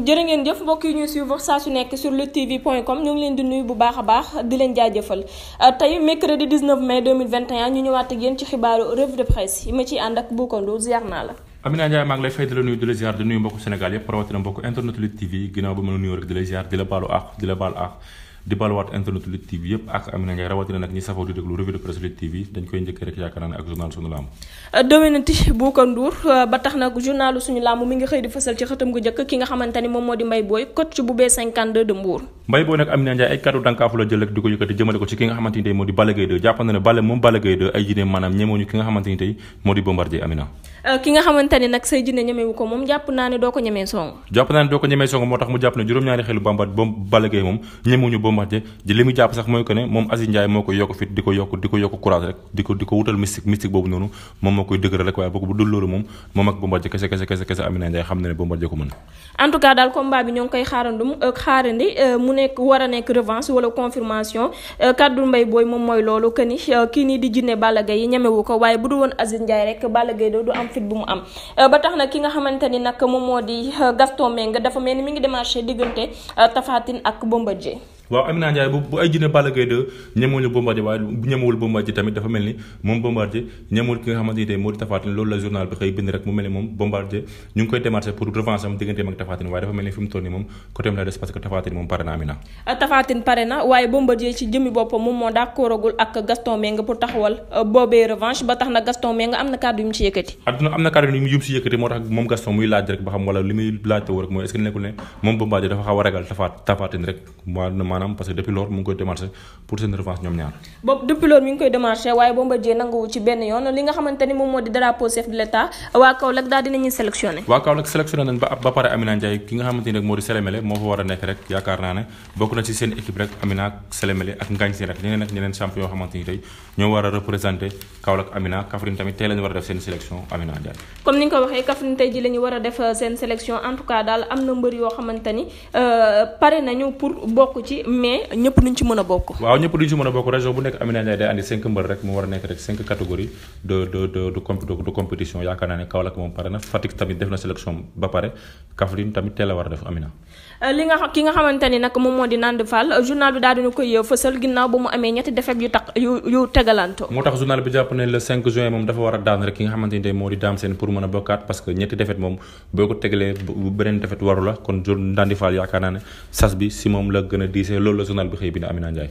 jërë ngeen jëf mbokk yi ñuy suivre saa su nekk sur luttetv.com ñu ngi leen di nuyu bu baax a baax di leen jaajëfal euh, tey mercredi 19 mai 2021 ñu ñëwaat ak ci xibaaru revue de presse yi ma ciy ànd ak buukandu ziar naa la. Amina Ndiaye maa ngi lay fay di la nuyu di la di nuyu mbokku Sénégal yëpp rawatina mbokku internet Lutte TV ginnaaw ba ma la nuyoo rek di la di la baalu àq di la baal àq. di balwaat internet Lutte TV yëpp ak Amina Ndiaye rawatina nag ñi safoo di déglu revue de presse Lutte TV dañ koy njëkkee rek yaakaar naa ne ak journal suñu laamu dominati Boucar Ndour ba tax nag journalu suñu laamu mi ngi xëy di fësal ci xëtam gu njëkk ki nga xamante moom di Mbaye Boye coach bu b ay kàddu dànkaafu la ki nga xamante tey moo di Balla Gaye Amina ki nga xamante euh, nag say jinne ñemewu ko moom jàpp naa ne doo ko ñemee song jàpp Bombardier di li mu jàpp sax mooy que ne moom Aziz Ndiaye moo koy yokk fit di ko yokk di ko yokk courage rek di ko wutal mystique mystique boobu noonu moom moo koy dëgëral rek waaye bu dul a nekk revanche wala confirmation euh, euh, woon Aziz Ndiaye rek Balla doo du am fit bu mu am euh, ba tax na ki nga xamante ni moom moo di Gaston Mbengue dafa mel ni ngi démarché diggante Tapha ak Bombardier waaw waaye dafa mel ni moom toll nii moom côté am la des parce que Tapha moom pare na Amina euh, Tapha Tine pare na waaye Bombardier ci jëmmi boppam moom moo d'accordagul ak Gaston Mbengue pour taxawal euh, boobee revanche ba tax na Gaston Mbengue am na kàddu yu ci yëkkati adduna am na kàddu yu ci yëkkati moo tax moom Gaston muy laaj rek ba xam wala li muy laajte rek mooy est nekkul ne moom Bombardier dafa xaw a ragal rek maanaam parce que depuis mu ngi koy démarché pour seen revanche ñoom ci benn yoon li nga xamante moom moo di drapeau chef de l'état waa Kaolack daal dinañuy sélectionné waa Kaolack sélectionné nañ ba pare Amina Ndiaye ki nga xamante rek moo di Sélémélé moo fa war a nekk rek yaakaar naa ne bokk na ci seen équipe rek Amina Sélémélé ak Ngagne Sène rek ñeneen ak ñeneen champion yoo xamante tey ñoo war a représenté Kaolack Amina Kaffrine tamit tey la war a mais ñëpp duñ ci mën a bokk. waaw ñëpp duñ ci mën a bokk région bu nekk Amina Ndiaye day andi cinq mbër rek mu war a nekk rek cinq catégories de de de de compétition yaakaar naa ne Kaolack moom pare na Fatick tamit def na sélection ba pare Kaffrine tamit teel a war a def Amina. Euh, li nga ki nga xamante ni nag moom moo di Nande Fall euh, journal bi daal dina koy euh, fësal ginnaaw ba mu amee ñetti defet yu tax yu yu moo tax journal bi jàpp ne le 5 juin moom dafa war a daan rek ki nga xamante ni tey moo di daam seen pour mën a bokkaat parce que ñetti defet moom boo ko tegalee beneen defet waru la kon Nande Fall yaakaar naa ne sas bi si moom la gën a diisee loolu la journal bi xëy bi ne Amina Ndiaye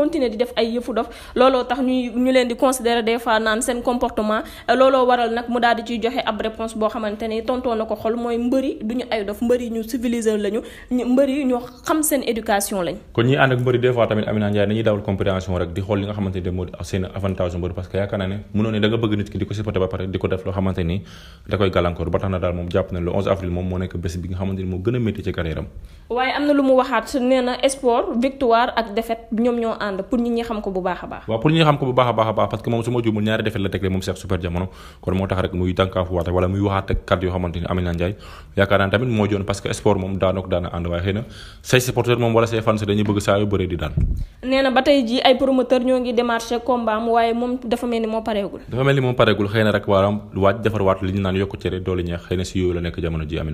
continuer di def ay yëfu dof looloo tax ñuy ñu leen di considérer des naan seen comportement euh, looloo waral nag mu daal di joxe ab réponse boo xamante ne tontoo na ko xol mooy mbëri du ñu ay dof mbëri ñu civilisé lañu mbëri ñu xam seen éducation lañ. kon ñi ànd ak mbëri des tamit Amina Ndiaye dañuy dawal compréhension rek di xool li nga xamante ne moo seen avril moom moo nekk bés bi nga xamante ni moo gën a métti ci carrière am waaye am na lu comprendre pour ñi ñi xam ko bu baax a baax a baax parce que moom su ma juumul ñaari defet la tegle moom Cheikh Super Jamono kon moo tax rek muy tànkaafu waate muy waxaat ak kàddu yoo Amina Ndiaye yaakaar naa tamit moo joon parce que sport moom daanok daana ànd waaye xëy na say supporter moom waaye moom dafa mel ni moo pareegul dafa mel ni moom pareegul xëy na rek waaram waaj defar waat li ñu naan yokku cere doole ñeex xëy na si yooyu la nekk jamono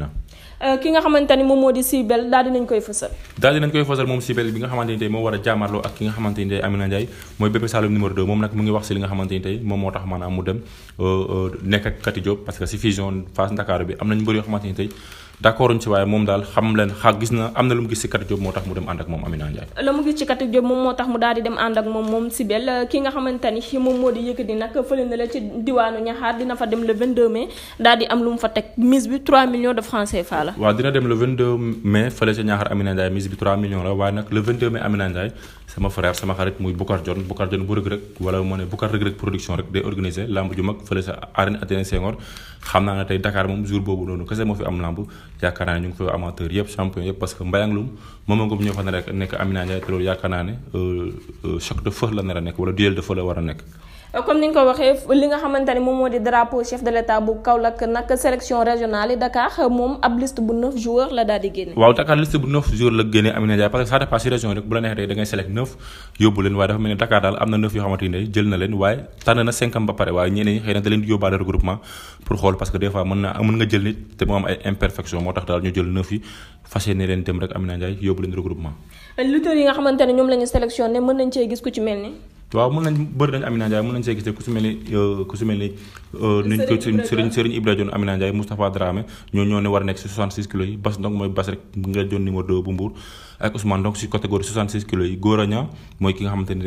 xamante ni tey Amina Ndiaye mooy BP Saloum numéro 2 moom nag mu ngi wax si li nga xamante ni tey moom moo tax maanaam mu dem euh, euh, nekk ak parce que si fusion Fass Ndakaaru bi am nañu mbër yoo xamante ni tey d'accord uñ si waaye moom daal xam leen xa gis am na lu mu gis si Kati Diop moo tax mu dem ànd ak moom Amina Ndiaye la mu gis ci Kati Diop moom moo tax mu daal di dem ànd ak moom moom Sibel ki nga xamante ni moom moo di Yékini nag fële na la ci daal di dem le 22 mai fële ca Niakhar xam naa ne tey Dakar moom jour boobu noonu kese moo fi am lamb yaakaar naa ne ñu ngi fa amateur yëpp champion yëpp parce que Mbayang Loum moom a fa ne rek nekk Amina Ndiaye te loolu yaakaar naa ne euh, euh, choc de feu la nar a nekk wala duel de feu la war a nekk comme ni nga ko waxee li nga xamante moom moo di drapeau chef de l' état bu Kaolack nag sélection régionale yi Dakar moom ab liste bu neuf joueurs la daal di génne. waaw Dakar liste bu neuf joueurs la génne Amina Dia parce que ça dépasse si région rek bu la neexee tey da ngay select yóbbu leen waaye dafa mel ni Dakar daal am na neuf yoo xamante ne jël na leen waaye tànn na cinq ba pare waaye ñeneen ñi xëy na da leen di waaw mën nañ bëri nañ Amina Ndiaye mën nañ see gisee ku si mel ni euh, ku si mel ni euh, nuñ Ibra Dione Amina Ndiaye Moustapha Dramé ñoo ñoo war a nekk si 66 kilos yi yi Gora mooy ki nga xamante ne a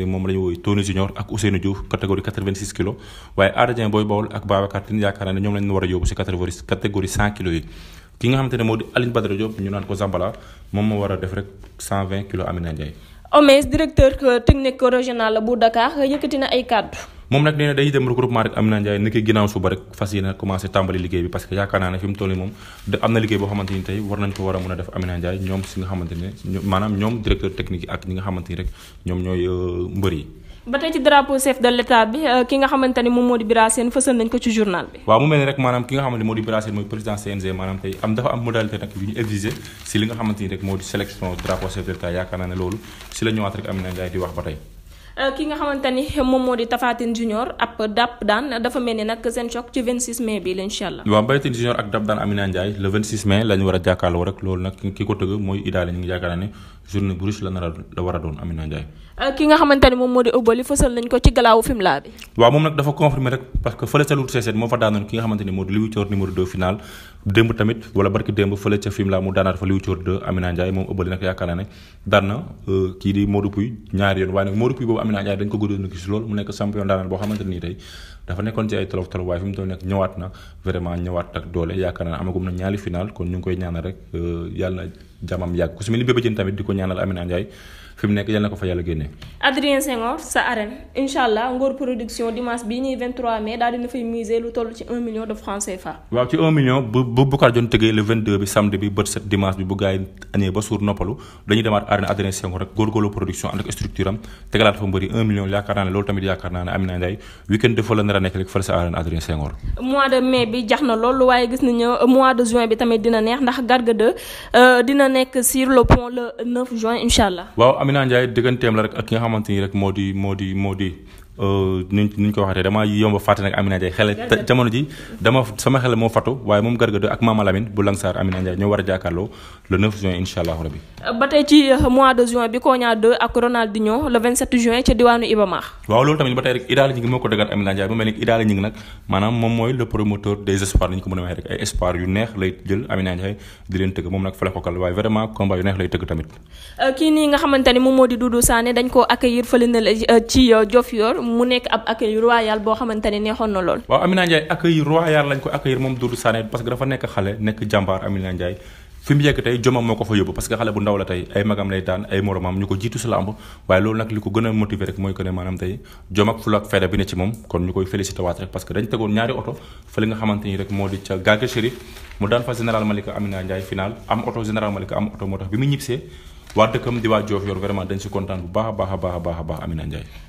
yóbbu si catégorie catégorie 100 kilos ki nga moo di Aline Badara ñu naan ko Zambala moom moo war a def rek 120 kilos Amina Ndiaye Omes directeur technique régional bu Dakar yëkkati na ay kàddu. moom nag nee na day dem regroupement rek Amina Ndiaye ni ki ginnaaw suba rek fas yéene commencé tàmbali liggéey bi parce que yaakaar naa ne fi mu toll nii moom de am na liggéey boo xamante ni tey war nañ ko war a mën a def Amina Ndiaye ñoom si nga xamante ne maanaam ñoom directeur technique yi ak ñi nga xamante ni rek ñoom ñooy euh, mbër yi. ba tey ci drapeau chef de l'état bi euh, ki nga xamante moom moo di Bira Sène fësal nañ ko ci journal bi waaw mu mel ni rek maanaam ki nga xamante moo di Bira Sène mooy président CNG maanaam am dafa am modalité nag yu ñu exigé si li di sélection drapeau chef de l'état yaakaar rek am euh, ki nga xamante moom moo di Tafatine Junior ab Dap daan dafa mel ni nag seen choc ci 26 mai bi la allah. waaw Mbaytin Junior ak Dap daan Amina Ndiaye le 26 mai la ñu war a jàkkaarloo rek loolu nag journée bu riche la nar a war a doon Amina Ndiaye. Euh, ki nga xamante moom moo di Obali fësal nañ ko ci galaawu Fimela bi. waaw moom nag dafa confirmer rek parce que fële ca Lour Sessène moo fa daanoon ki nga xamante moo di Louis Thior numéro 2 final démb tamit wala barki démb fële ca Fimela mu daanaat fa Louis Thior 2 Amina Ndiaye moom Obali nag yaakaar ne daan na euh, kii di Modou Pouye ñaari yoon waaye nag Modou Pouye boobu Amina Ndiaye dañ ko gëdoon dafa nekkoon ci ay tolof tolof waaye fi mu toll nekk ñëwaat na vraiment ñëwaat ak doole yaakaar naa amagum na ñaari final kon ñu ngi koy ñaanal rek euh, yàlla jàmmam yàgg ku si mel ni Bébé tamit di ko ñaanal am Ndiaye fi mu nekk yal na ko fa yàlla génne. Adrien Senghor sa arène incha Ngor production dimanche bii ñuy mai daal dina fay miser lu toll ci 1 million de francs CFA. waaw ci 1 million bu bu Boucar Dione tëggee le 22 bi samedi bi bët set dimanche bi bu gars yi añee ba suur noppalu dañuy demaat arène Adrien Senghor rek góorgóorlu production ànd ak structure am tegalaat fa mbëri 1 million yaakaar naa ne loolu tamit yaakaar naa ne Amina Ndiaye week a bi jax na loolu euh, bi tamit dina Amina Ndiaye dëgganteem la rek ak ki nga xamante ni rek moo di moo di moo di Euh, nuñ nuñ ko waxatee damaa yomb a nag Amina Ndiaye xel jamono ji dama sama xel moo fatu waaye moom Garga 2 ak Mama Lamine bu Langsar Amina Ndiaye ñoo war a jàkkaarloo le neex lay jël Amina Ndiaye di leen tëgg moom nag fa waaye vraiment combat yu neex lay tëgg tamit. Euh, kii nii nga xamante moom moo di Doudou Sané dañ koo accueillir fële na euh, ci Diofior mu nekk ab accueil royal boo xamante ne neexoon na lool. waaw Amina Ndiaye accueil royal lañ ko accueillir moom Doudou Sané parce que dafa nekk xale nekk jàmbaar Amina Ndiaye fi mu yegg tey jomam moo ko fa yóbbu parce que xale bu ndaw la tey ay magam lay daan ay moromam ñu ko jiitu si làmb waaye loolu nag li ko gën a motiver rek mooy que ne maanaam tey jom ak fula ak fayda bi ne ci moom kon ñu koy félicité waat rek parce que dañ tegoon ñaari oto fa li nga xamante ni rek moo di ca Gaga Chérif mu daan fa général Malika Amina Ndiaye final am oto général Malika am oto moo tax bi mu ñibsee waa dëkkam di waa Diofior vraiment dañ si kontaan bu baax a baax a baax a baax Amina Ndiaye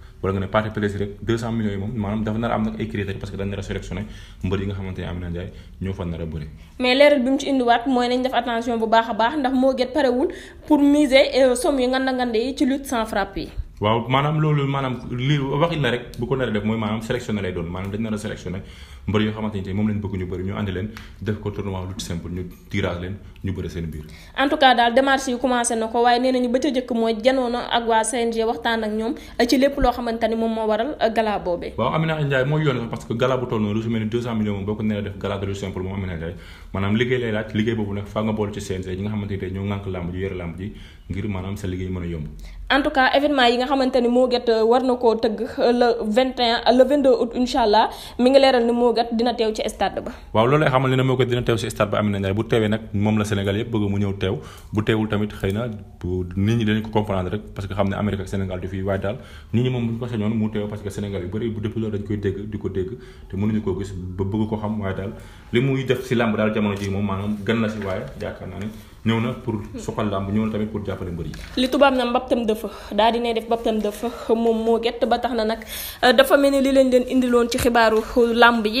wala nga ne parti PDS rek 200 millions yi moom maanaam dafa nar a am nag ay critères parce que dañ nar a mbër yi nga xamante ne Amina Ndiaye ñoo fa nar a bëri mais leeral bi mu ci indiwaat mooy nañ def attention bu baax a baax ndax moo gét parewul pour miser euh, somme yu nganda ngande yi ci lutte sans frappe yi waaw maanaam loolu maanaam li waxit la rek bu ko nar a def mooy maanaam sélectionné lay doon maanaam dañ nar a mbër yoo xamante moom lañ bëgg ñu bëri ñu andi leen def ko tournoi lutte simple leen ñu bëri seen biir en daal démarche yi commencé na ko waaye nee nañu ba ca jëkk mooy janoon ak waa CNG waxtaan ak ñoom ci lépp loo xamante moom moo waral gala boobee waaw Amina Ndiaye mooy yoon sax parce que gala toll noonu lu su mel ni 200 millions boo ko nee def gala de lutte simple moom Amina maanaam liggéey lay laaj liggéey boobu Mogat dina teew ci stade ba. waaw loolu lay xamal ne ne Mogat dina teew ci stade ba Amina Ndiaye bu teewee nag moom la Sénégal yëpp bëgg mu ñëw teew bu teewul tamit xëy na nit nit ñi moom bu ñu ko mu teew parce que Sénégal yu bëri bu depuis loolu dañ koy dégg di ko dégg te mënuñu koo gis ba bëgg ko xam waaye daal li muy def ci làmb daal jamono ji moom maanaam gën la ci waaye yaakaar naa ne ñëw na pour suqal làmb ñëw na tamit pour jàppale mbër